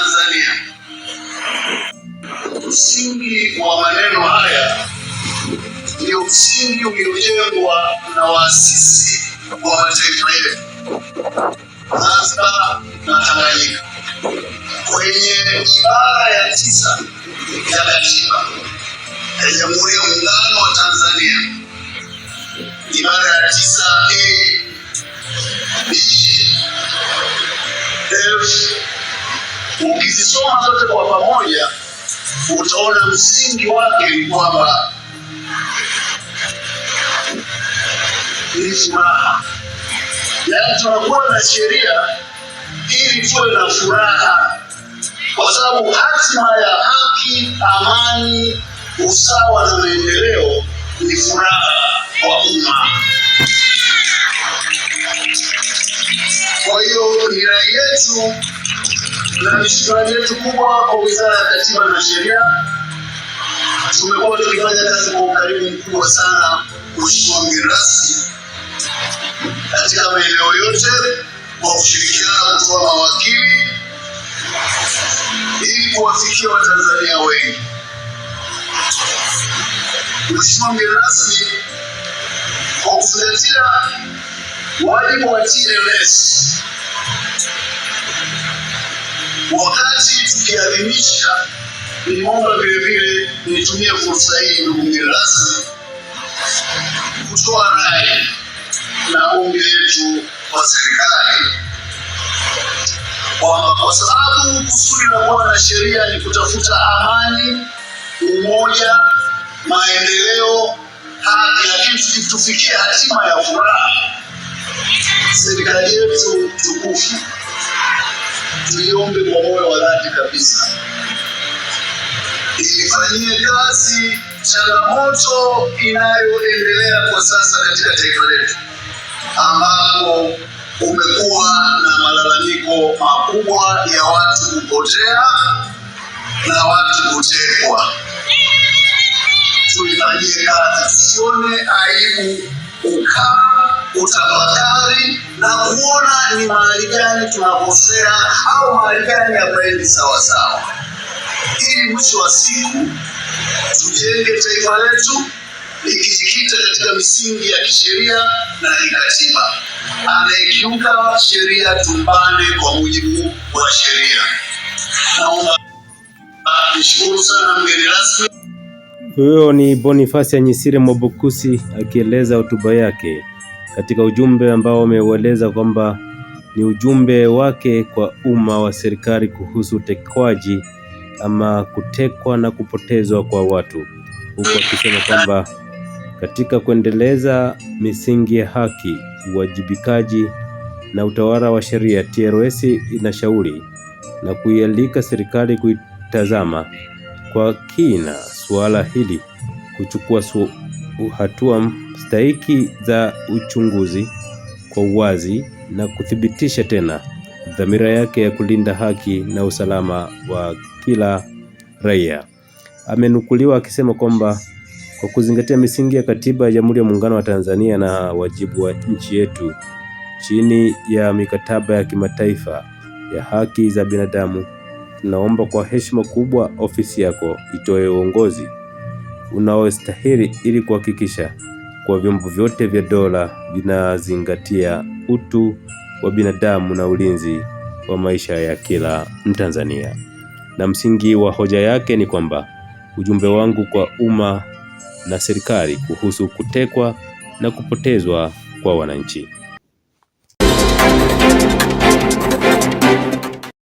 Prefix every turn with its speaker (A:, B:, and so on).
A: Tanzania. Msingi wa maneno haya ni msingi uliojengwa na waasisi wa mataifa yetu hasa na Tanganyika kwenye ibara ya tisa ya katiba ya Jamhuri ya Muungano wa Tanzania, ibara ya tisa A, B, F Ukizisoma zote kwa pamoja, utaona msingi wake ni kwamba ni furaha, yaani tunakuwa na sheria ili tuwe na furaha, kwa sababu hatima ya haki, amani, usawa na maendeleo ni furaha kwa umma. Kwa hiyo ni rai yetu na shukrani yetu kubwa kwa Wizara ya Katiba na Sheria. Tumekuwa tukifanya kazi kwa ukaribu mkubwa sana kuhusu mirasi katika maeneo yote kwa kushirikiana kutoa mawakili ili kuwafikia Watanzania wengi. Mheshimiwa mgeni rasmi, kwa kuzingatia wajibu wa TLS Wakati tukiadhimisha, nimeomba vilevile nitumie fursa hii, ndugu rasmi, kutoa rai na ombi letu kwa serikali kwamba kwa sababu kusudi la kuwa na sheria ni kutafuta amani, umoja, maendeleo, haki, lakini tukitufikia hatima ya furaha, serikali yetu tukufu tuiombe kwa moyo wa dhati kabisa, ilifanyie kazi changamoto inayoendelea kwa sasa katika taifa letu, ambapo umekuwa na malalamiko makubwa ya watu kupotea na watu kutekwa. Tuifanyie kazi, tusione aibu ukaa kutafakari na kuona ni mahali gani tunakosea au mahali gani hapaendi sawasawa, ili mwisho wa siku tujenge taifa letu ikijikita katika misingi ya kisheria na kikatiba. Anayekiuka sheria tumbane kwa mujibu wa sheria. sana mgeni rasmi.
B: Huyo ni Bonifasi nyisire mobukusi akieleza hotuba yake katika ujumbe ambao ameueleza kwamba ni ujumbe wake kwa umma wa serikali kuhusu utekwaji ama kutekwa na kupotezwa kwa watu, huku akisema kwamba katika kuendeleza misingi ya haki, uwajibikaji na utawala wa sheria, TLS inashauri na kuialika serikali kuitazama kwa kina suala hili, kuchukua su hatua stahiki za uchunguzi kwa uwazi na kuthibitisha tena dhamira yake ya kulinda haki na usalama wa kila raia. Amenukuliwa akisema kwamba kwa kuzingatia misingi ya katiba ya Jamhuri ya Muungano wa Tanzania na wajibu wa nchi yetu chini ya mikataba ya kimataifa ya haki za binadamu, tunaomba kwa heshima kubwa ofisi yako itoe uongozi unaostahili ili kuhakikisha kuwa vyombo vyote vya dola vinazingatia utu wa binadamu na ulinzi wa maisha ya kila Mtanzania. Na msingi wa hoja yake ni kwamba ujumbe wangu kwa umma na serikali kuhusu kutekwa na kupotezwa kwa wananchi